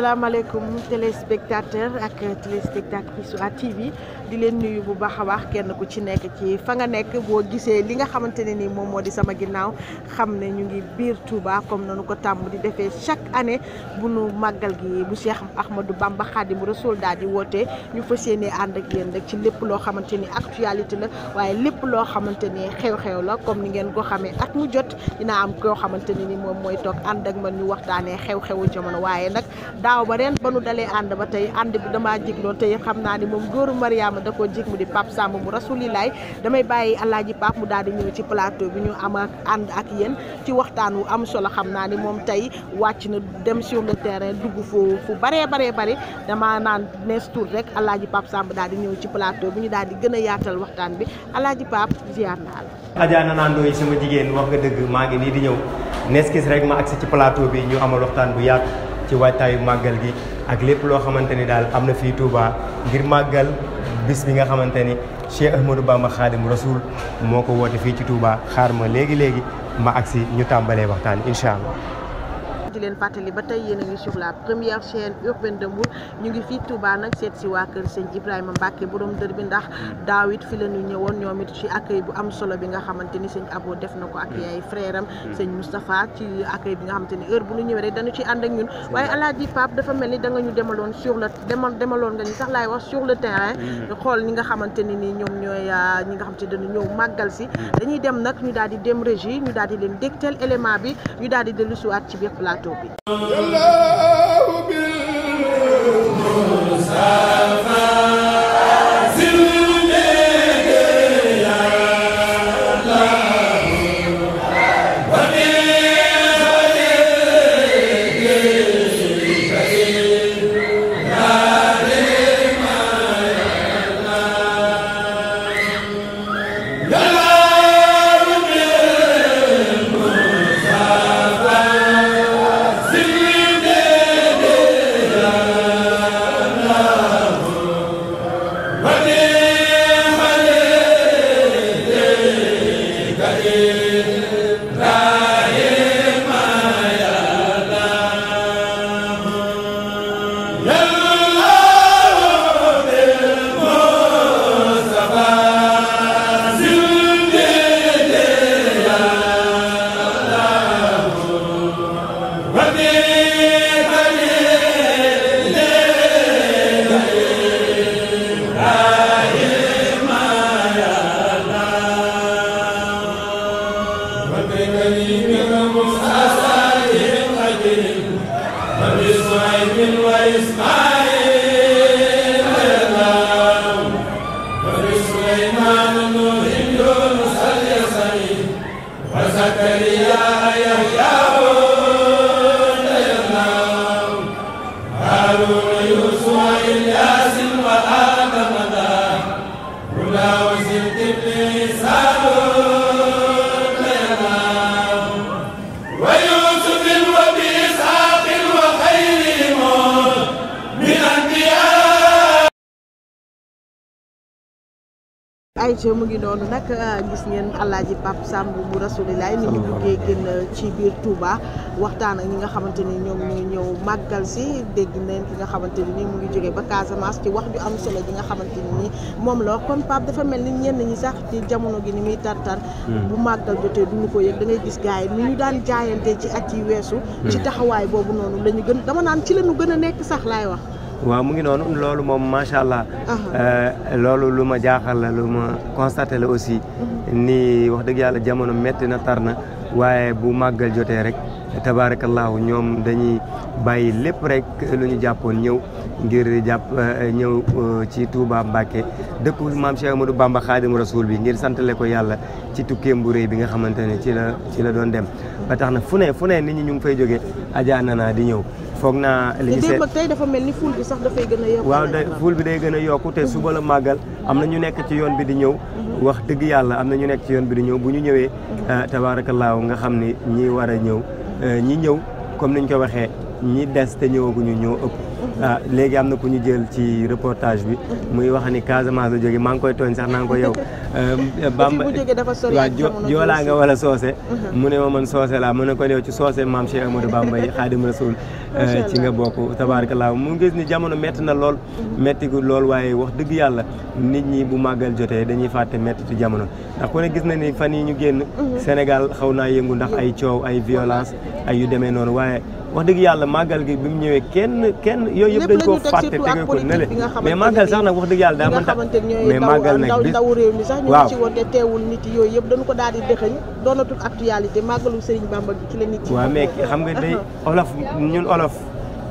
asalaamaaleykum téléspectateur ak téléspectatrice à bi di leen nuyu bu baax a baax kenn ku ci nekk ci fa nga nekk boo gisee li nga xamante ne ni moom moo di sama ginnaaw xam ne ñu ngi biir Touba comme noonu ko tàmm defee chaque année bu nu màggal gi bu Cheikh Ahmadou Bamba Khadim Rasoul daal di woote ñu fas yéenee ànd ak yéen rek ci lépp loo xamante ni actualité la waaye lépp loo xamante ni xew-xew la comme ni ngeen ko xamee at mu jot dina am koo xamante ni moom mooy toog ànd ak man ñu waxtaanee xew-xewu jamono waaye nag. daaw ba ren ba nu dalee ànd ba tey ànd bi damaa jigloo tey xam naa ni moom góoru Mariama da koo jig mu di Pape Samb mu rasulilaay damay bàyyi Alaaji Pape mu daal di ñëw ci plateau bi ñu am ànd ak yéen ci waxtaan wu am solo xam naa ni moom tey wàcc na dem sur le terrain dugg foo fu baree baree bare damaa naan nees tour rek Alaaji Pape Samb daal di ñëw ci plateau bi ñu daal di gën a yaatal waxtaan bi Alaaji pap ziar naa la. Adja Nana Ndoye sama jigéen wax nga dëgg maa ngi nii di ñëw nees gis rek ma agsi ci plateau bi ñu amal waxtaan bu yaatu. ci waajtaayu màggal gi ak lépp loo xamante ni daal am na fii Touba ngir màggal bis bi nga xamante ni Cheikh Ahmadou Bamba Khadim Rasoul moo ko woote fii ci Touba xaar ma léegi léegi ma agsi ñu tàmbalee waxtaan incha allah. di leen fàttali ba tey yéen ngi sur la première chaîne urbaine de Mbour ñu ngi fi Touba nak seet si waa kër sëñ Ibrahima Mbacke borom dër bi ndax hmm. david fi la ñu ñewon ñoom ci accueil bu am solo bi nga xamanteni ni Abo def na ak hmm. yaay frère am mustapha hmm. ci accueil bi nga xamanteni heure bu ñu ñewé rek dañu ci and ak ñun waaye Alaaji Pape dafa melni da nga ñu demalon sur le demal demalon nga ñu sax lay wax sur le terrain xol ñi nga xamanteni ni nii ñoom ñooy ah, ñi nga xamanteni dañu ñew magal si dañuy dem nak ñu daldi dem régie ñu daldi di leen dégtal élément bi ñu daldi di dellusiwaat ci biir plateau Hello. ci mu ngi noonu nag ah, gis ngeen alaaji Pape Samb bu rasulilaay ni ngi duggee génn ci biir Touba waxtaan ak ñi nga xamante ni ñoom ñooy ñëw màggal si dégg nañ ki nga xamante ni mu ngi jógee ba Casamance ci wax ju am solo ji nga xamante nii moom la wax kon Pape dafa mel ni ñenn ñi sax ci jamono gi ni muy tartar hmm. bu màggal jotee duñu ko yëg da ngay gis gars yi ni ñu daan jaayante ci at yi weesu ci hmm. taxawaay boobu noonu la ñu gën dama naan ci la ñu gën a nekk sax laay wax waaw mu ngi noonu loolu moom macha allah. Uh-huh. Eh, loolu lu ma jaaxal la lu ma constaté la aussi. Uh-huh. ni wax dëgg yàlla jamono metti na tar na waaye bu màggal jotee rek tabaarakallaahu ñoom dañuy bàyyi lépp rek lu ñu jàppoon ñëw ngir jàpp eh, ñëw eh, ci Touba Mbacke dëkku maam Cheikh Amadou Bamba Xaadimu Rasuul bi ngir santale ko yàlla ci tukkeem bu rëy bi nga xamante ne ci la ci la doon dem. ba tax na fu ne fu ne nit ñi ñu ngi fay jógee ajaana naa di ñëw. foog naa li tey dafa mel ni ful bi sax dafay gën a yokk bi day gën a yokku te mhm. suba la am na ñu nekk ci yoon bi di ñëw mhm. wax dëgg yàlla am na ñu nekk ci yoon bi di ñëw bu ñu ñëwee mhm. eh, tabaarakallaahu nga xam ni ñi war a ñëw eh, ñi ñëw comme niñ ko waxee ñi des te ñëwaguñu ñëw ëpp ah léegi am na ku ñu jël ci reportage bi muy wax ni Casamance la jóge maa ngi koy tooñ sax naa ngi koy yow euh, Bamba waaw joolaa nga wala soose mhm. mu ne ma man soose la mu ne ko yow ci soose maam Cheikh Amadou Bamba yi Xaadim Rasul euh, ci nga bokk tabaarkalla mu gis ni jamono metti na lool mhm. metti gu lool waaye wax dëgg yàlla nit ñi bu màggal jotee dañuy fàtte mettitu jamono ndax ku gis na ni fan yi ñu génn mhm. Sénégal xaw naa yëngu ndax ay coow ay violence ay yu demee noonu waaye wax dëgg yàlla màggal gi bi mu ñëwee kenn yooyu yëpp dañ koo fàtte tege ko nële mais màggal sax nag wax dëgg yàlla daa ndaw réew mi sax ñu ci woon te teewul nit yi yooyu yëpp dañu ko daal di dëxëñ doonatul actualité màggalu Serigne Bamba gi ci la nit yi waaw mais xam nga day olof ñun olof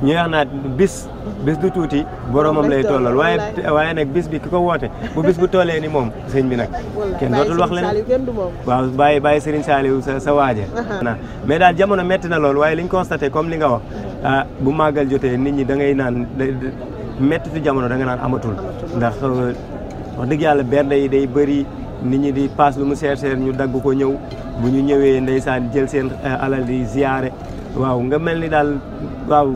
ñu wax naa bis bis du tuuti boromam lay tollal waaye waaye nag bis bi ki ko woote bu bis bu tollee ni moom sëñ bi nag kenn dootul wax leen waaw bàyyi bàyyi Serigne Saliou sa sa waaje uh-huh. na mais daal jamono metti na loolu waaye li ñu constaté comme li nga wax ah, bu màggal jotee nit ñi da ngay naan méttitu jamono da nga naan amatul ndax uh, wax dëgg yàlla bernde yi day bëri nit ñi di paas lu mu seer seer ñu dagg ko ñëw bu ñu ñëwee ndeysaan jël seen uh, alal di ziyaare waaw nga mel ni daal waaw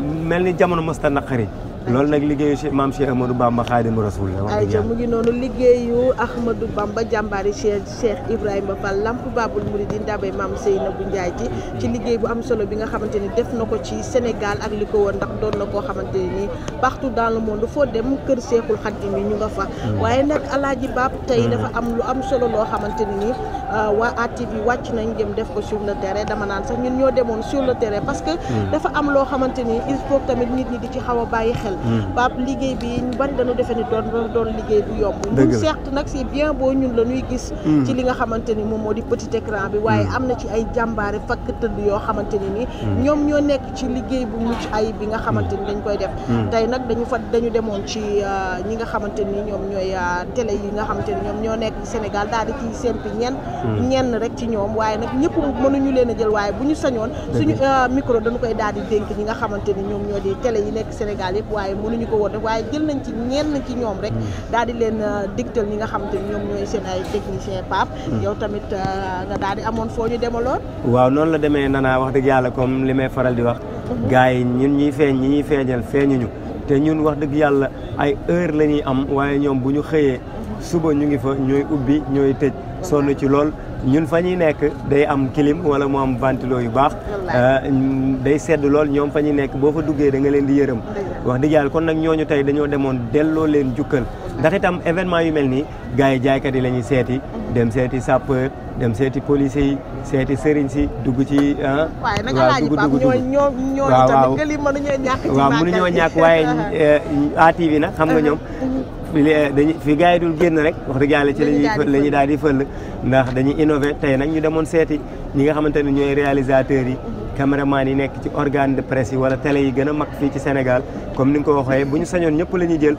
mel ni jamono mës ta naqari loolu nag liggéeyu si maam Cheikh Ahmadou Bamba Xaadimu Rasuul la wax dëgg mu ngi noonu liggéeyu Ahmadou ba jàmbaari Cheikh Cheikh Ibrahima Fall Lamp Baabul Muridi ndabe maam Seynabou Ndiaye ji ci liggéey bu am solo bi nga xamante ni def na ko ci Sénégal ak li ko woon ndax doon na koo xamante ne nii partout dans le monde foo dem kër Seexul Xaadim yi ñu nga fa hmm. waaye nag Alaaji Baab tey hmm. dafa am lu am solo loo xamante ne nii Euh, waa bi wàcc nañ jëm def ko sur le tere dama naan sax ñun ñoo demoon sur le terrain parce que hmm. dafa am loo xamante ni il tamit nit ñi di ci xaw bàyyi xel hmm. Pape liggéey bi ñu bari dañu defe ni doon doon liggéey bu yomb ñun certes nag si bien boo ñun la ñuy gis hmm. ci li nga xamante ni moom moo di petit écran bi waaye am na ci ay jàmbaare fakk tëdd yoo xamante ni ni ñoom ñoo nekk ci liggéey bu ay bi nga xamante ni dañ koy def tey nag dañu fa dañu demoon ci euh, ñi nga xamante ni ñoom ñooy euh, tele yi nga xamante ni ñoom ñoo nekk Sénégal daal di ciy sempi ñen Mm. ñenn rek ci ñoom waaye nag ñëpp ñu leen a jël waaye bu ñu sañoon suñu euh, micro dañu koy daal di dénk ñi nga xamante ni ñoom ñoo di télé yi nekk Sénégal yëpp waaye mënuñu ko woon def waaye jël nañ ci ñenn ci ñoom rek mm. daal di leen euh, digtal ñi nga xamante ni ñoom ñooy seen ay technicien Pape mm. yow tamit euh, nga daal amoon foo ñu demaloon waaw noonu la demee nanaa wax dëgg yàlla comme li may faral di wax mm-hmm. gars yi ñun ñuy feeñ ñi ñuy feeñal feeñuñu te ñun wax dëgg yàlla ay heure la ñuy am waaye ñoom bu ñu xëyee suba ñu ngi fa ñooy ubbi ñooy tëj sonn ci lool ñun fa ñuy nekk day am clim wala mu am ventilo yu baax euh, day sedd lool ñoom fa ñuy nekk boo fa duggee da nga leen di yërëm wax dëgg yàlla kon nag ñooñu tey dañoo demoon delloo leen jukkal ndax itam événement yu mel nii gars yi jaaykat yi la ñuy seeti mhm. dem seeti sapeur dem seeti police yi seeti sëriñ si dugg ci ah waaw dugg dugg dugg waaw waaw waaw mënuñoo ñàkk waaye ATV euh, nag xam nga mhm. ñoom mhm. dañu fi gars yi dul génn rek wax dëgg yàlla ci la ñuy daal di fël ndax dañuy innové te nag ñu demoon seeti ñi nga xamante ne ñooy réalisateurs yi Cameraman yi nekk ci organe de presse wala télé yi gën mag fii ci Sénégal comme ni nga bu ñu ñëpp la jël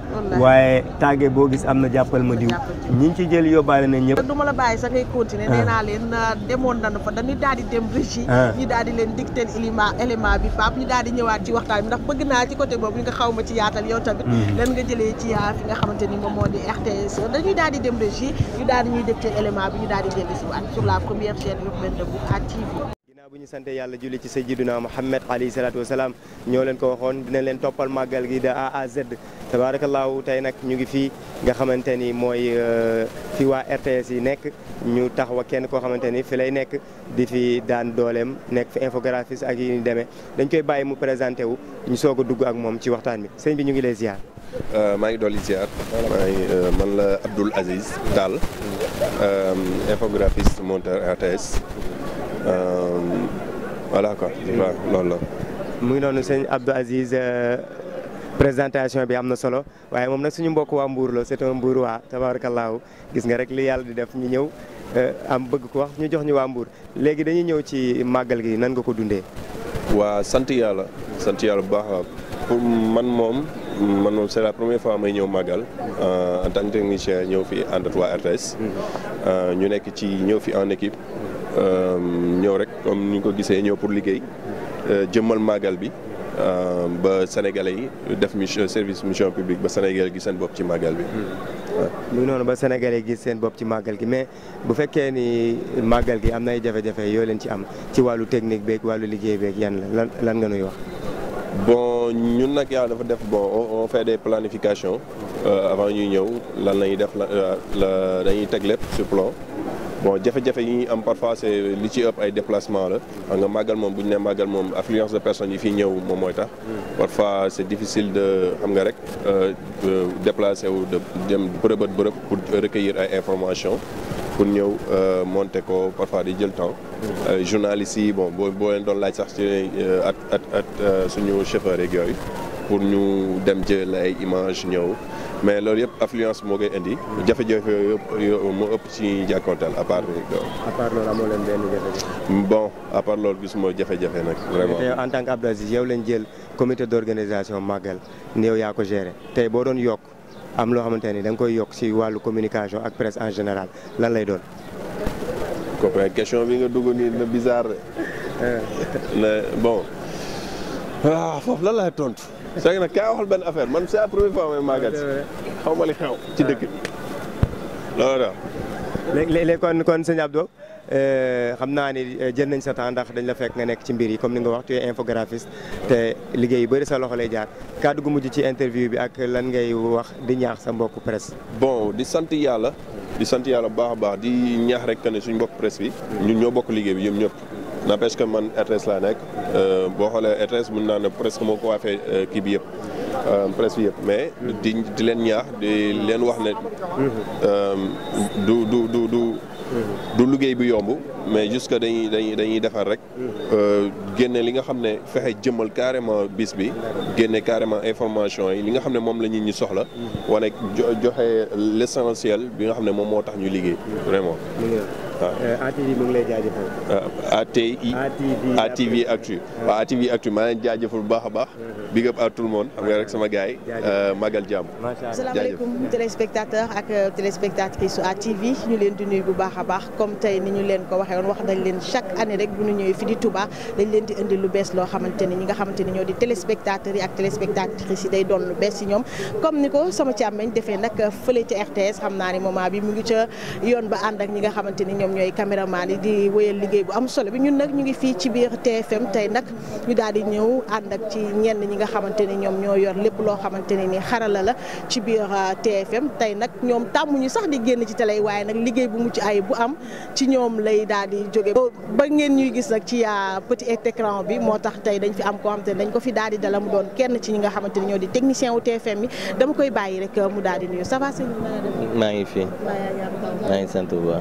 gis ma ñi ci jël ñëpp la sax ngay continuer leen régie dicter élément élément bi ñu ñëwaat ci waxtaan ndax côté ñu nga ci yaatal yow hmm. nga ci ah, fi nga RTS dañuy dem régie ñu dicter élément bi ñu sur la première chaîne urbaine de bu ñu sante yàlla julli ci sayyidina Muhammad alayhi salaatu wasalaam ñoo leen ko waxoon dina leen toppal màggal gi de A à Z tabaarakallaahu tey nag ñu ngi fii nga xamante ni mooy euh, fi waa RTS yi nekk ñu taxaw ak kenn koo xamante ni fi lay nekk di fi daan dooleem nekk fi infographiste ak yi demee dañ koy bàyyi mu présenté wu ñu soog a dugg ak moom ci waxtaan bi sëñ bi ñu ngi lay ziar. Euh, maa ngi dolli ziar maa euh, man la Abdoul Aziz Tall infographiste monteur RTS. Euh, voilà quoi waaw loolu la. mu ngi noonu sëñ Abdou Aziz euh, présentation bi am na solo waaye moom nag suñu mbokk waa Mbour la c'est un waa tabaarakallaahu gis nga rek li yàlla di def ñu ñëw euh, am bëgg ko wax ñu jox ñu waa Mbour léegi dañuy ñëw ci màggal gi nan nga ko dundee. waa sant yàlla sant yàlla bu baax man moom man moom c'est la première fois may ñëw màggal en tant que technicien ñëw fi ànd ak waa mm-hmm. ñu nekk ci ñëw fi un équipe. Euh, ñëw rek comme ni ñu ko gisee ñëw pour liggéey euh, jëmmal magal bi euh, ba sénégalais yi def mission service mission publique ba sénégal gi sen bop ci magal bi. Hmm. mu ngi noonu ba sénégalais gi sen bop ci magal gi mais bu fekkee ni magal gi am na jafé jafe-jafe leen ci am ci walu technique beeg walu liguey beeg yan la lan nga nuy wax. bon ñun nak yàlla dafa def bon on fait des planifications. avant ñuy ñëw lan la def la dañuy teg lépp sur plan bon jafe-jafe yi ñuy am parfois c'est li ci ëpp ay déplacement la nga magal mom bu ñu magal mom affluence de personnes yi fi ñëw mom moy tax parfois c'est difficile de xam nga rek euh, euh, déplacer wu de dem bërëb ak pour recueillir ay informations pour ñëw euh, monter ko parfois di jël temps journalistes yi bon bo boo leen doon laaj sax ci at at at suñu chauffeur yeeg pour ñu dem jël ay images ñëw mais loolu yëpp affluence moo koy indi jafé jafé yooyu moo ëpp ci ñuy à part. à part loolu amoo leen benn jafé bon à part loolu gisuma jafé jafé nak vraiment tey en tant que Abdou yow lañ jël comité d'organisation magal màggal ni yow yaa ko géré tey boo doon yok am lo xamante dang koy yok ci walu communication ak presse en général lan lay doon. pré question bi nga dugg ni na bizarre de. bon ah fof lan lay tontu. Cheikh nag kaay waxal benn affaire man si la première fois may màggal si xaw ma li xew ci dëkk bi loolu daal. léeg-léeg kon kon sëñ euh, xam naa ni euh, jël nañ sa temps ndax dañ la fekk nga nekk ci mbir yi comme ni nga wax tu es te liggéey yu bëri sa loxo lay jaar kàddu gu mujj ci interview bi ak lan ngay wax di ñaax sa mbokku presse. bon di sant yàlla. di sant yàlla bu baax baax di ñaax rek que ne suñu mbokk presse bi. ñoo bokk liggéey bi ñoom ñëpp. n'empêche que man RTS laa nekk euh, boo xoolee RTS mun naa ne presque moo ko waafee euh, kii bi yëpp euh, presse bi yëpp mais di di leen ñaax di leen wax ne du du du du liggéey bi yomb mais jusque dañuy dañuy dañuy defar rek génne li nga xam ne fexe jëmmal carrément bis bi génne carrément information yi li nga xam ne moom la nit ñi soxla wane joxe l'essentiel bi nga xam ne moom moo tax ñu liggéey vraiment waaw euh, ATV mu ngi lay jaajëfal. Euh, ATI. ATV Actu waaw ATV Actu maa leen jaajëfal bu baax a baax. Mhm. big up à tout le monde xam nga rek sama gars yi. Euh, magal jàmm. macha allah salaamaaleykum ak téléspectatrices su ATV ñu leen di nuy bu baax a baax comme tey ni ñu leen ko waxee woon wax nañ leen chaque année rek bu ñu ñëwee fii di Touba dañ leen di indi lu bees loo xamante ni ñi nga xamante ni ñoo di téléspectateurs yi ak téléspectatrices yi day doon lu bees si ñoom comme ko sama càmmeñ defee nag fële ca RTS xam naa mu ngi ca yoon ba ànd ak ñi nga xamante ni ñoom ñooy caméraman yi di wéyal liggéey bu am solo bi ñun nag ñu ngi fii ci biir TFM tey nag ñu daal di ñëw ànd ak ci ñenn ñi nga xamante ni ñoom ñoo yor lépp loo xamante ni xarala la ci biir ah, TFM tey nag ñoom tàmmuñu sax di génn ci tele waaye nag liggéey bu mucc ay bu am ci ñoom lay daal di jóge ba ngeen ñuy gis nag ci ah, petit écran bi moo tax tey dañ fi am koo xamante ni dañ ko fi daal di dala mu doon kenn ci ñi nga xamante ni ñoo di technicien wu TFM yi dama koy bàyyi rek ah, mu daal di nuyu ça va maa ngi fi maa ngi sant bu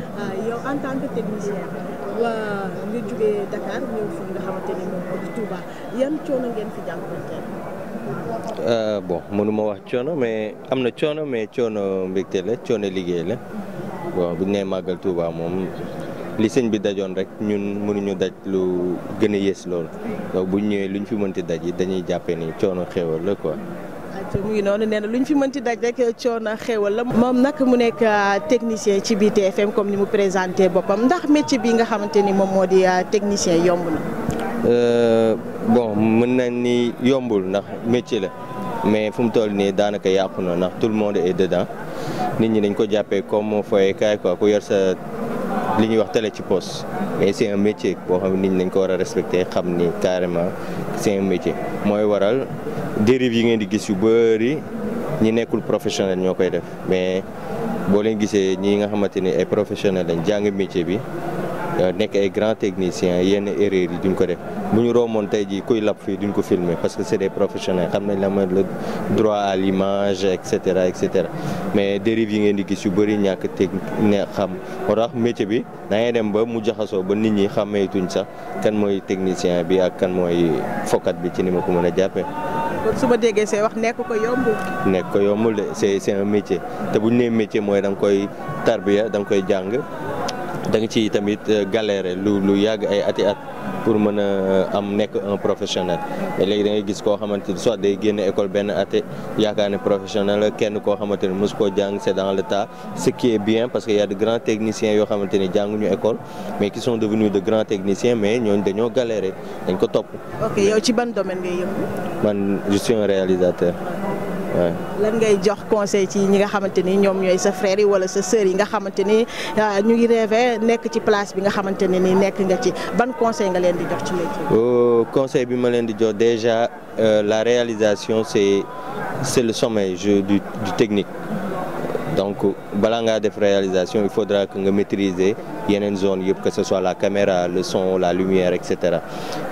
en tant que waa nga jugee Dakar ñëw fi nga xamante moom moo di yan coono ngeen fi jànkuwanteel. Euh, bon mënuma wax coono mais am na coono mais coono mbégte la coono liggéey la bon bu ñu nee màggal Touba moom li sëñ bi dajoon rek ñun mënuñu daj lu gën a yées loolu donc bu ñu ñëwee lu ñu fi mënti daj yi dañuy jàppee ni coono xéewal la quoi. mu ngi noonu nee na lu ñu fi mën ci daj rek coono xéewal moom nag mu nekk euh, technicien ci biir TFM comme ni mu présenté boppam ndax métier bi nga xamante ni moom moo di euh, technicien yomb na. Euh, bon mën nañ ni yombul ndax métier la mais fu mu toll nii daanaka yàqu na nax tout le monde est dedans nit ñi dañ ko jàppee comme fooyekaay quoi ku yor sa. li ñuy wax télé ci poste mais c'est un métier boo xam ne nit ñi ko war a respecter xam ni carrément c'est un métier mooy waral dérive yi ngeen di gis yu bëri ñi nekkul professionnel ñoo koy def mais boo leen gisee ñi nga xamante ni ay professionnel lañ jàng métier bi Euh, nek ay grand techniciens yenn erreur yi duñ ko def buñu romone tay ji kuy lap fi duñ ko filmer parce que c'est des professionnels xam nañ la mo le droit à l'image et cetera et cetera mais dérive yi ngeen di gis yu bëri ñàkk technique xam moo tax métier bi da ngay dem ba mu jaxaso ba nit ñi xàmmeetuñ sax kan moy technicien bi ak kan moy fokat bi ci ni ma ko mën a jàppee. kon su ma déggee say wax nekk ko yombul. nekk ko yombul de c'est est un métier te bu ñu métier moy dang koy tarbiya dang koy jàng. da nga ci tamit euh, galéré lu lu yàgg ay ati at pour mën a euh, am nekk un professionnel mais léegi da ngay gis koo xamante ni soit day génn école benn ate yaakaar ne professionnel kenn koo xamante ni mos koo jàng c'est dans le tas ce qui est bien parce que y a de grands techniciens yoo xamante ni jànguñu école mais qui sont devenus de grands techniciens mais ñooñu dañoo galéré dañ ko topp. ok ci ban domaine ngay yëngu. man je réalisateur. lan ngay jox conseil ci ñi nga xamanteni ñom ñoy sa frère yi wala sa sœur yi nga xamanteni ah, ñu ngi rêvé nek ci place bi nga xamanteni ni nek nga ci ban conseil nga leen di jox ci métier oh, conseil bi ma leen di jox déjà euh, la réalisation c'est c'est le sommet du du technique donc balaa ngaa def réalisation il faudra que nga maîtriser une zone yëpp que ce soit la caméra le son la lumière et cetera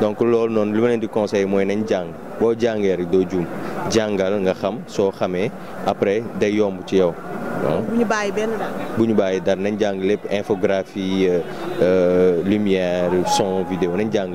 donc loolu non, li du di conseil mooy nañ jang. boo janger, do doo Jangal, nga xam so xamee après day yomb ci yow. Hein? bu ñu bàyyi benn daal. bu ñu nañ jàng infographie euh, euh, lumière son vidéo nañ jàng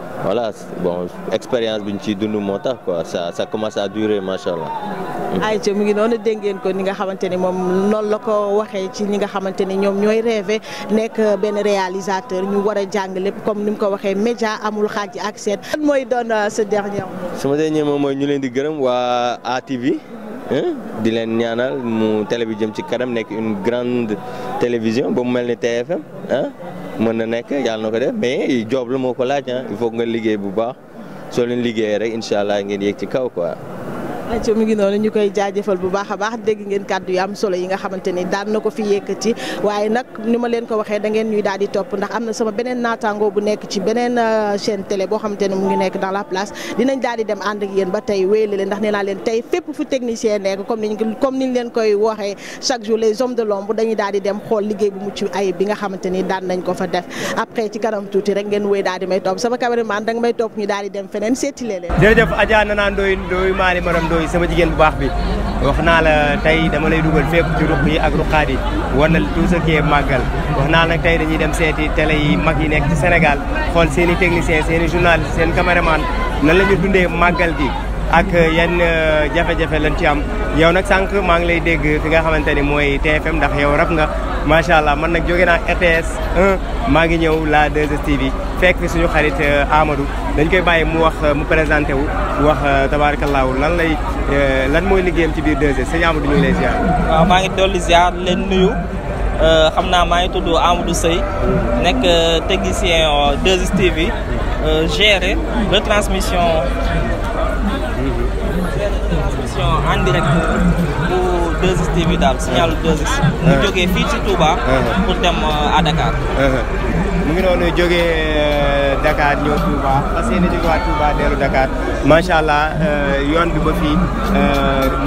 voilà bon expérience bi ci ciy dund moo tax quoi ça ça commence à durer machallah. allah. Mm. ayca mu ngi noonu dégg ko ni nga xamante mom non la ko waxee ci ni nga xamante ñom ñoy ñooy rêvé nekk benn réalisateur ñu wara jang jàng lépp comme nim ko waxee média amul xaaj accès. seet. lan mooy doon euh, sa dernier sama dernier mot moy ñu leen di gërëm waa ATV. Hein, di leen ñaanal mu télé bi jëm ci kanam nekk une grande télévision ba mu mel TFM hein? mën na nekk yàlla na ko def mais job la moo ko laaj ah il nga liggéey bu baax soo leen liggéeyee rek incha ngeen yéeg ci kaw quoi. aco mi ngi noonu ñu koy jaajëfal bu baax a baax dégg ngeen kàddu yu am solo yi nga xamante daan nañ ko fa def après ci kanam tuuti rek ngeen wéy daal di may topp sama cameraman da nga may topp ñu daal di dem feneen seeti leen mooy sama jigen bu baax bi waxna la tay dama lay duggal fépp ci ruq yi ak ruqaat wonal tout ce qui est magal waxna la tay dañuy dem seeti télé yi mag yi nek ci Sénégal xol seni technicien seni journaliste sen caméraman nan lañu dundé magal gi ak yan eh, jafe-jafe lañ ci am yow nag sànq maa ngi lay dégg fi nga xamante ni mooy TFM ndax yow rap nga macha allah man nag jóge naa RTS 1 maa ngi ñëw la 2STV fekk fi suñu xarit eh, Amadou dañ koy bàyyi mu wax eh, mu présenté wu wax tabaarakallaahu lan lay lan mooy liggéeyam ci biir 2S sëñ Amadou ñu ngi lay ziar. waaw maa ngi dolli ziar leen nuyu. xam naa maa ngi tudd Amadou Seye nekk technicien 2STV gérer retransmission émission en direct bu 2 bi daal signal 2S mu uh-huh. jógee fii ci Touba uh-huh. pour dem uh, à Dakar uh-huh. mu ngi noonu jógee uh, Dakar ñëw Touba parce que yéen jóge waa Touba dellu Dakar macha allah uh, yoon bi ba fii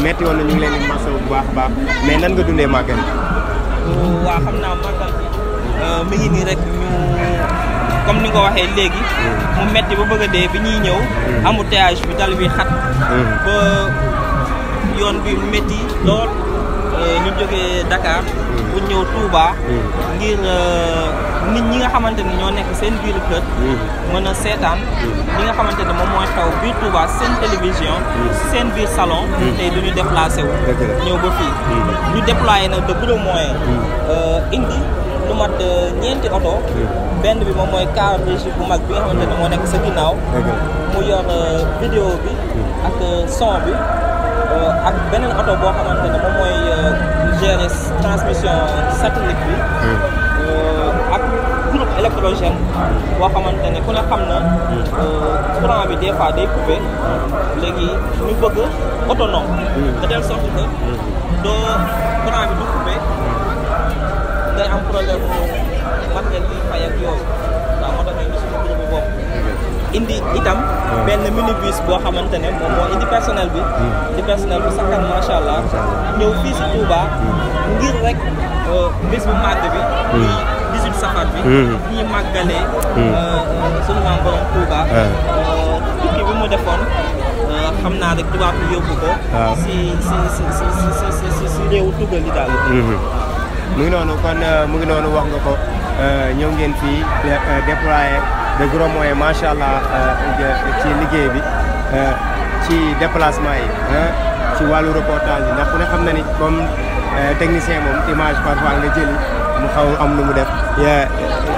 metti woon ñu ngi leen di masawu bu baax baax mais nan nga dundee màggal waa xam naa màggal mi ngi nii rek comme ni nga ko waxee léegi. Mm. mu metti ba bëgg a dee bi ñuy ñëw. embouteillage mm. bi tali bi xat. Mm. ba yoon bi metti lool euh, ñu jógee Dakar. bu ñëw Touba. ngir euh, nit ñi nga xamante ne ñoo nekk seen biir kër. mën a seetaan. li nga xamante ne moom mooy xew biir Touba seen télévision. seen biir salon. tey du ñu déplacé wu. ñëw ba fii. ñu déployé nag de gros moyens. Euh, indi lu mat ñeenti oto. benn bi moom mooy car riche bu mag bi nga moo nekk sa ginnaaw. mu yor euh, vidéo bi. ak euh, son bi. Euh, ak beneen oto boo xamante moom mooy gérer transmission satellite bi. ak groupe électrogène. boo xamante ku ne xam na. Hmm. courant bi des fois day coupé. léegi ñu bëgg autonome. Hmm. de telle sorte que hmm. doo courant bi du coupé. day am problème bu man ngeen fay ak yooyu waaw moo tax ñu ngi suñu boo xamante ne moom moo indi personnel bi hmm. di personnel bu sakkan macha allah ñëw fii si hmm. ngir rek euh, bis bu màgg bi ñuy hmm. 18 safar bi ñuy màggalee euh, euh, suñu maam borom Touba tukki bi mu defoon xam naa rek tubaab bi yóbbu ko si si si si si si réewu tugal yi mu ngi noonu kon euh, mu ngi noonu wax nga ko euh, ñëw ngeen fii euh, déployer de gros macha allah ci liggéey bi ci déplacement yi ci wàllu reportage bi ndax ku ne xam na ni comme technicien moom image parfois nga jëli mu xaw am lu mu def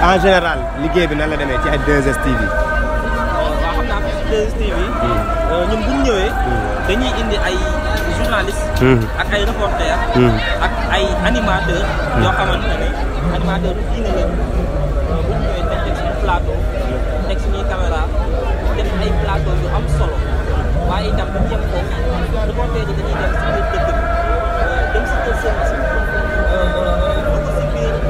en général liggéey bi nan la demee ci ay 2STV waaw xam hmm. ñun bu ñu ñëwee hmm. dañuy indi ay journalistes Mm-hmm. ak ay reporter mm-hmm. ak ay animateur yoo xamante ne animateur yu diine la bu ñu ñëwee dañ teg suñu plateau teg suñuy caméra def ay plateau yu am waaye itam dañ yem foofu reporter yi dañuy dem si biir dëkk bi euh, euh,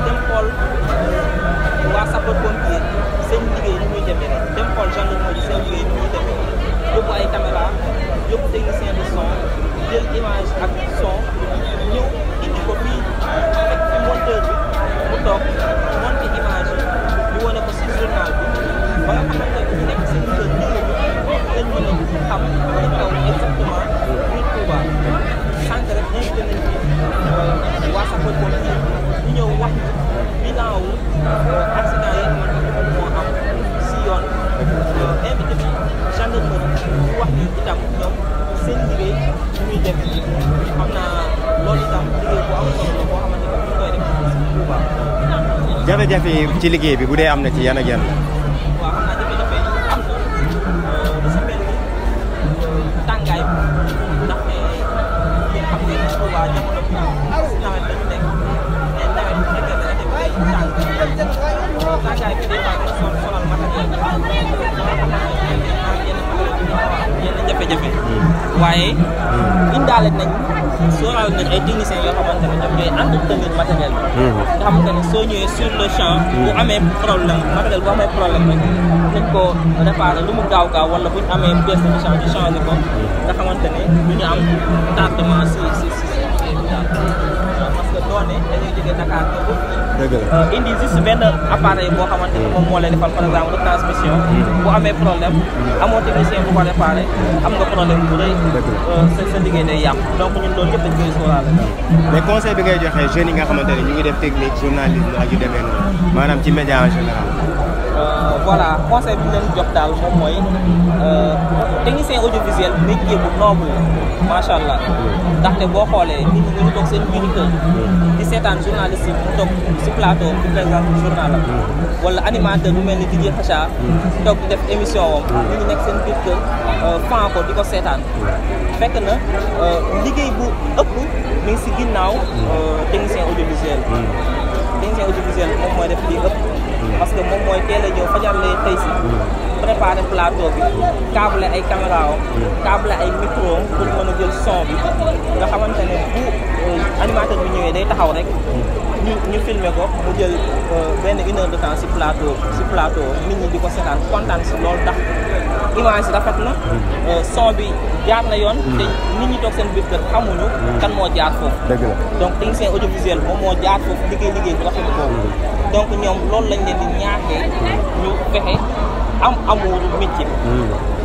dem xool euh, waa sapeur pompier seen liggéey ni muy demee dem xool gendarmerie seen yóbbu ay caméra yóbbu technicien jël image ak son ñëw indi ko fii fekk fi monteur bi mu toog monte image ñu wane ko si journal bi ba nga xamante nekk seen kër ñëw ngeen mën xam day taw exactement muy Touba sànq rek invité nañ fi waa ñëw wax bilan wu accident yi am si yoon invité bi gendarmerie ñu wax ni itam ñoom seen liggéey xam naa loolu itam liggéey bu bi bu dee am na ci yan ak la. waaw xam naa jafe-jafe am na bu si mel ni jafe-jafe waaye indaale nañ sóoraal nañ ay techniciens yoo hmm. nga xamante soo ñëwee sur le champ bu hmm. amee problème matériel bu amee problème rek nañ ko réparer lu mu gaaw gaaw wala buñ amee pièce de change ñu changer hmm. nga xamante ne ñu am tardement si si si boo ne dañuy jóge Dakar ñëw ba euh, benn appareil boo xamante ni moom moo lay defal par exemple de transmission. Mm. bu amee problème mm. amoo technicien bu ko réparé am nga problème bu rëy. dëgg la euh, sa liggéey day yàqu donc ñun loolu yëpp dañ koy sóoraale. mais conseil bi ngay joxe jeunes yi nga xamante ne ñu ngi def technique journalisme ak yu demee noonu maanaam ci média en Euh, voilà conseil bi ñu leen jox daal moom mooy euh, technicien audiovisuel métier bu noble la macha allah ndaxte boo xoolee nit ñi ñu toog seen biir kër di seetaan journaliste yi mu toog si plateau di présenter journal am wala animateur bu mel ni Didier Khachar toog def émission wam nit ñi nekk seen euh, ko di ko fekk na liggéey bu ëpp mi ngi si ginnaaw technicien audiovisuel technicien audiovisuel moom mooy def lii ëpp parce que moom mooy teel a ñëw fajal lay xëy si préparé plateau bi câble ay caméra am câble ay micro pour mën a jël son bi nga xamante ne bu euh, animateur bi ñëwee day taxaw rek ñu ñu filmer ko mu jël euh, benn une de temps si plateau si plateau nit ñi di ko seetaan kontaan si loolu tax image rafet na euh, son bi jaar na yoon. te nit ñi toog seen biir kër xamuñu. kan moo jaar foofu. dëgg la donc technicien audiovisuel moom moo jaar foofu liggéey liggéey bu rafet boobu. donc ñoom loolu lañ leen di ñaaxee ñu fexe am amuuru métier.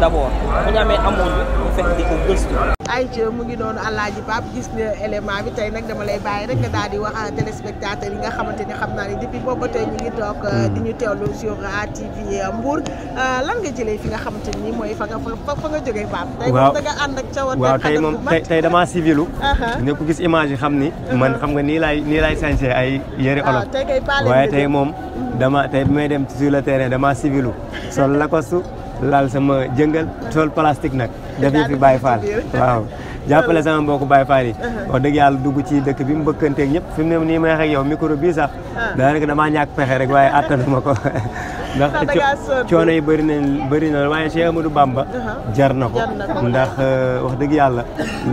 d'abord bu ñu amee amoon bi bu fekk di ko gis na élément bi euh, xam naa ne depuis boobu ba tey ñu euh, euh, ni mooy waaw tey moom tey damaa civilu. Uh-huh. ne ko gis image yi xam ni. Uh-huh. man xam nga nii laay nii laay sañse ay yëre ah, olof. waaye tey moom mm-hmm. dama tey bi may dem sur le terrain dama civilu sol lakostu laal sama jëngal sol plastique nag def ñu fi Baye Fall waaw jàppale sama mbokku Baye Fall yi uh-huh. wax dëgg yàlla dugg ci dëkk bi mu bëkkanteeg ñëpp fi mu ni nii may wax ak yow micro bii sax uh-huh. daanaka damaa ñàkk pexe rek waaye attanuma ko ndax coono yi bëri na bëri na waaye Cheikh Amadou Bamba uh-huh. jar na ko ndax uh, wax dëgg yàlla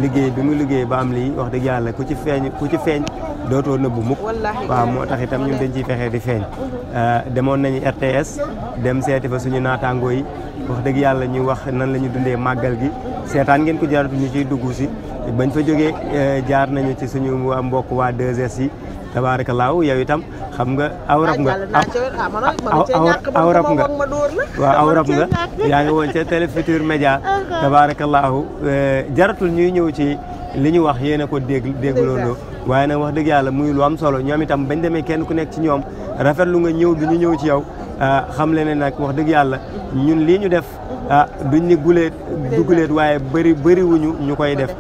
liggéey bi mu liggéey ba lii wax dëgg yàlla ku ci feeñ ku ci feeñ dootoo nëbbu mukk waaw moo tax itam ñun dañ ciy fexe di feeñ uh, demoon nañu RTS dem seeti fa suñu naataangoo yi wax dëgg yàlla ñuy wax nan la ñu dundee màggal gi seetaan ngeen ko jaratu ñu ciy duggu si bañ fa jógee eh, jaar nañu ci suñu mbokk waa 2S yi tabaarakallaahu yow itam xam nga awrab nga ah, awrab nga waaw awrab nga yaa ngi woon ca Télé Futurs Médias tabaarakallaahu eh, jaratul ñuy ñëw ci li ñu wax yéen a ko dégg déggloondoo waaye nag wax dëgg yàlla muy lu am solo ñoom itam bañ demee kenn ku nekk ci ñoom rafetlu nga ñëw bi ñu ñëw ci yow Ah, xam le ne nag wax dëgg yàlla ñun lii ñu def ah duñ ni guleet du waaye bëri bëriwuñu ñu koy def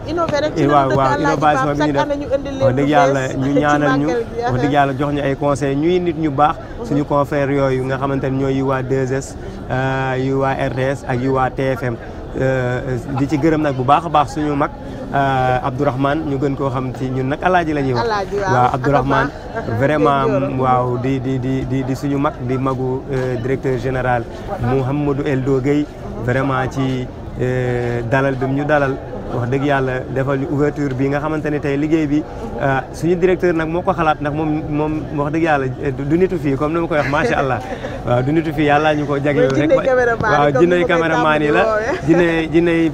eh, waaw waaw innovation bi ñu def wax dëgg yàlla ñu ñaanal ñu wax dëgg yàlla jox ñu ay conseil ñuy nit ñu baax suñu confrères yooyu nga xamante ne ñooy yu waa 2S ah, yu waa RTS ak yu waa TFM ah, di ci gërëm nag bu baax a baax suñu mag Euh, Abdourahmane ñu gën koo xam ci ñun nag alaaji la ñuy wax waaw Abdourahmane vraiment waaw di di di di di suñu mag di magu euh, directeur général Mouhamadou Eldo Gueye vraiment ci euh, dalal bi mu ñu dalal wax dëgg yàlla defal ouverture bi nga xamante ne tey liggéey bi euh, suñu directeur nag moo ko xalaat ndax moom moom wax dëgg yàlla euh, du nitu fii comme ni ma koy wax macha allah waaw du nitu fii yàlla ñu ko jagleel rek waaw jinnay caméraman yi la jinnay jinnay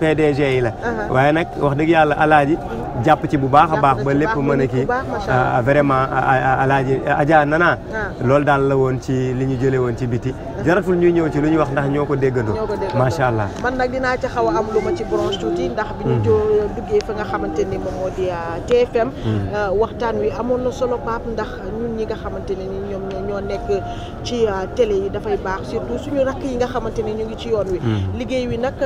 PDG yi la uh-huh. waaye nag wax dëgg yàlla alaaji jàpp ci bu baax a baax ba lépp mën a kii ah, vraiment alaaji ah, ah, Adja Nana loolu daal la woon ci li ñu jëlee woon ci biti jaratul ñuy ñëw ci lu ñu wax ndax ñoo ko déggandoo macha allah man nag dinaa ci xaw a am lu ma ci branche tuuti ndax bi ñu hmm. duggee fa nga xamante ni moo di TFM hmm. waxtaan wi amoon na solo Pape ndax ñun ñi nga xamante ne ñoom ñoo nekk ci télé yi dafay baax surtout suñu rakk yi nga xamante ne ñu ngi ci yoon wi hmm. liggéey wi nag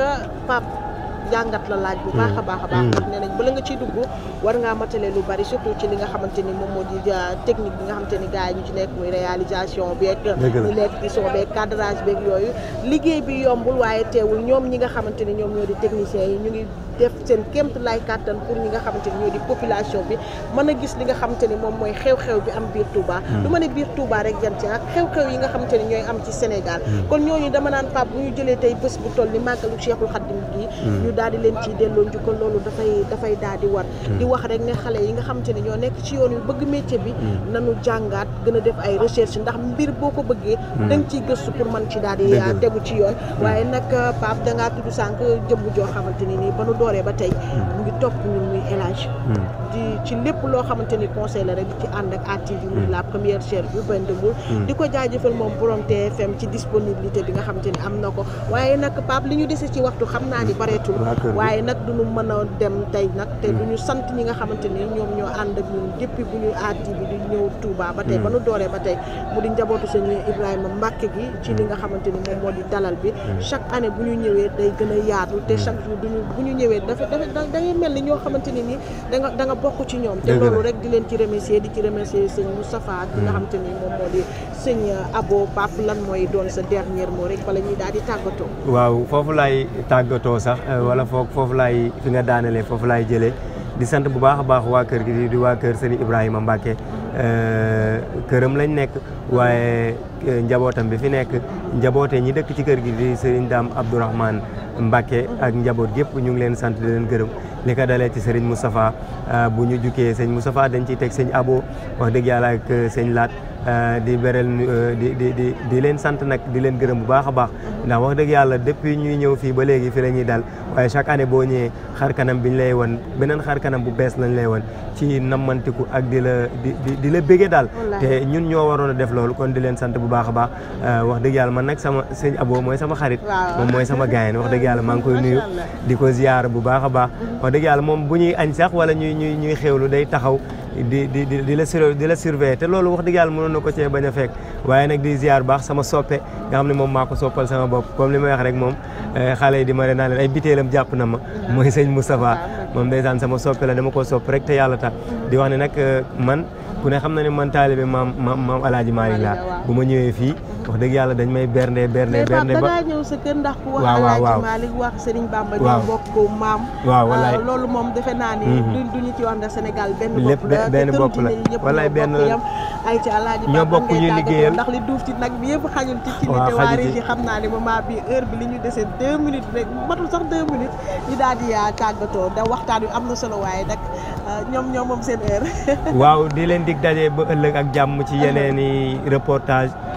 Pape jàngat la laaj bu baax a baax a baax mm. ndax nee bala nga ciy dugg war ngaa matale lu bari surtout ci li nga xamante ni moom moo di euh, technique bi nga xamante ni gars ñu ci nekk muy réalisation beeg ñu nekk ci beeg yooyu liggéey bi yombul waaye teewul ñoom ñi nga xamante ni ñoom ñoo di techniciens yi ñu ngi def seen kémt lay kàttan pour ñi nga xamante ni ñoo di population bi mën a gis li nga xamante ni moom mooy xew-xew bi am biir Touba mm. du ma ne biir Touba rek jëm ci nag ah, xew-xew yi nga xamante ni ñooy am ci Sénégal mm. kon ñooñu dama naan Pape bu ñu jëlee tey bés bu toll ni màggalu Cheikhul Khadim gi daal di leen ci delloo njukkal loolu dafay dafay daal di war hmm. di wax rek ne xale yi nga xamante ne ñoo nekk ci yoon yu bëgg métier bi hmm. nanu jàngaat gën def ay recherche ndax mbir boo ko bëggee hmm. da nga ciy gëstu pour man ci daal di tegu ci yoon waaye nag euh, Pape dangaa tudd sànq jëmm joo xamante ni nii ba nu dooree ba tey mu ngi topp ñun muy élage di ci lépp loo xamante ni conseil la rek ci ànd ak ATV muy la première chaîne urbaine de Mbour di ko jaajëfal moom borom TFM ci disponibilité bi nga xamante ni am na ko waaye nag Pape li ñu dese ci waxtu xam naa ni bareetul waaye nag du ñu mën a dem tey nag te hmm. du ñu sant ñi nga xamante ni ñoom ñoo ànd ak ñun depuis bu ñuy aati bi ñëw Touba ba tey ba nu dooree ba tey mu di njabootu sëñ Ibrahima mbakke bi ci li nga xamante ni moom moo di dalal bi mm. chaque année bu ñu ñëwee day gën a yaatu te mm. chaque jour bu ñu ñëwee dafa dafa ñoo xamante ni nii bokk ci ñoom te loolu rek di leen ci remercier di ci remercier sëñ Moustapha di nga mm. xamante ni moom moo di sëñ Abo Pape lan mooy doon sa dernier mot rek wala ñuy daal di tàggatoo waaw foofu laay tàggatoo sax euh, wala foofu foofu laay fi nga daanelee foofu laay jëlee di sant bu baax a baax waa kër gi di waa kër sëñ Ibrahima Mbacke mm-hmm. Eh, këram lañ nekk waaye eh, njabootam bi fi nekk njabootee ñi dëkk ci kër gi di Serigne Dame Abdourahmane Mbacke ak njaboot yëpp ñu ngi leen sant di leen gërëm li ko dalee ci Serigne Moustapha eh, bu ñu jukkee sëñ Moustapha dañ ciy teg sëñ Abo wax dëgg yàlla sëñ Laat Euh, di beral euh, di di di di leen sant nag di leen gërëm bu baax a baax ndax wax dëgg yàlla depuis ñuy ñëw fii ba léegi fi la ñuy dal waaye chaque année boo ñëwee xar kanam bi ñu lay won beneen xar kanam bu bees lañ lay won ci nammantiku ak di la di di la bége daal te ñun ñoo waroon a def loolu kon di leen sant bu baax a baax euh, wax dëgg yàlla man nag sama sëñ aboo mooy sama xarit moom mooy sama gaayen wax dëgg yàlla maa ngi koy nuyu di ko ziyaar bu baax a baax wax dëgg yàlla moom bu ñuy añ sax wala ñuy ñuy ñuy xewlu day taxaw di di di la sur di la surveiller te loolu wax dëgg yàlla mënoon na ko bañ a fekk waaye nag di ziar baax sama soppe nga xam ne moom maa soppal sama bopp comme li ma wax rek moom eh, xale yi di ma re naa leen ay biteelam jàpp na ma mooy sëñ Moustapha moom ndeysaan sama soppe la dama koo sopp rek te yàlla tax di wax ne nag eh, man ku ne xam na ne man taalibe maam maam maam Alaaji Maalik bu ma ñëwee fii wax dëgg yàlla dañ may bernde bernde bernde ba dangaa sa kër ndax ku wax Alaaji Maalik wax Sëriñ Bamba ñu bokk maam waaw ah, loolu moom defe naa ni mhm. duñu ci wax nga Sénégal benn bopp la benn bopp la wallaay benn la ay ci Alaaji ñoo bokk ñu liggéeyal ndax li ci nag yëpp xañul ci ci nit yi xam naa ne moment bi heure bi li ñu desee deux minutes rek matul sax deux minutes ñu daal ah, tàggatoo da waxtaan wi am na solo waaye nag ah, ñoom ñoom seen heure waaw di leen dig daje ba ëllëg ak jàmm ci yeneen i reportage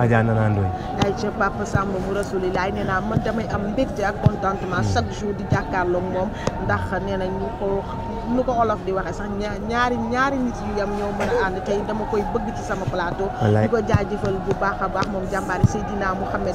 Adja Nana Ndoye ay ca Papa Samba mu rasulilaay nee naa man damay am mbégte ak contentement chaque jour di jàkkaarloog moom ndax nee na ñu ko nu ko olof di waxee sax ñaari ñaari nit yu am ñoo mën a ànd tey dama koy bëgg ci sama plateau di ko jaajëfal bu baax a baax moom jàmbaari Seydina Mouhamed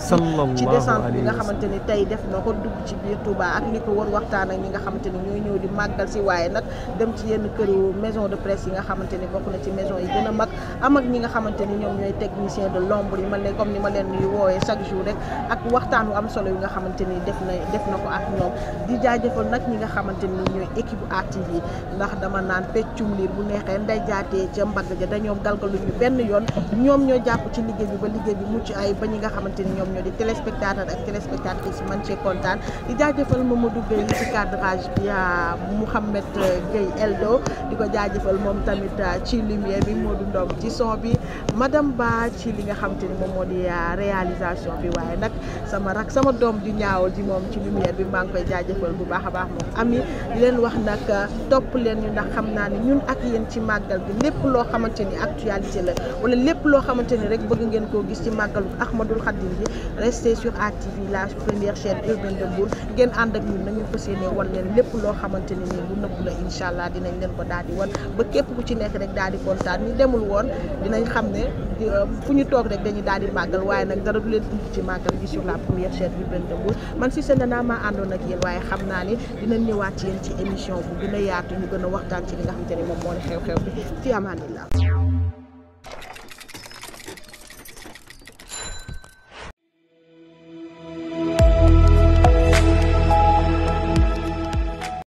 ci descente bi nga xamante ni tey def na ko dugg ci biir Touba ak li ko war waxtaan ak ñi nga xamante ni ñooy ñëw di màggal si waaye nag dem ci yenn këru maison de presse yi nga xamante ni bokk na ci yi gën a mag am ñi nga xamante ni ñoom ñooy technicien de l'ombre yi ma leen ni ma leen di woowee chaque jour rek ak waxtaan wu am solo yi nga xamante ni def na def na ko ak ñoom di jaajëfal nag ñi nga xamante ni ñooy équipe ATV ndax dama naan peccum liir bu neexee nday jaatee ca mbagg ja dañoom galgaluñu benn yoon ñoom ñoo jàpp ci liggéey bi ba liggéey bi mucc ay ba ñi nga xamante ni ñoom ñoo di téléspectateur ak téléspectatrice man cee kontaan di jaajëfal Mamadou Gueye ci cadrage bi ah, Mouhamed Gueye Eldo di ko jaajëfal moom tamit ah, ci lumière bi Modou Ndom ci son bi madame Ba ci li nga xamante ni moom moo di ah, réalisation bi waaye nag sama rak sama doom di ñaawal ji moom ci lumière bi maa ngi koy jaajëfal bu baax a baax moom ami leen wax nag topp leen ñu ndax xam naa ni ñun ak yéen ci màggal bi lépp loo xamante ni actualité la wala lépp loo xamante ni rek bëgg ngeen koo gis ci màggal Ahmadoul Khadim bi restez sur ATV la première chaîne urbaine de Mbour ngeen ànd ak ñun nañu fas yéene wan leen lépp loo xamante ni nii lu nëbb la incha allah dinañ leen ko daal di wan ba képp ku ci nekk rek daal di kontaan ñu demul woon dinañ xam ne euh, fu ñu toog rek dañuy daal di màggal waaye nag dara leen ci màggal gi sur la première chaîne man si seen naa maa àndoon ak yéen waaye xam naa ni dinañ ñëwaat ci yéen ci émission bu gën a ñu gën a waxtaan ci li nga xamante ne moom moo ne xew-xew bi fi amaanillah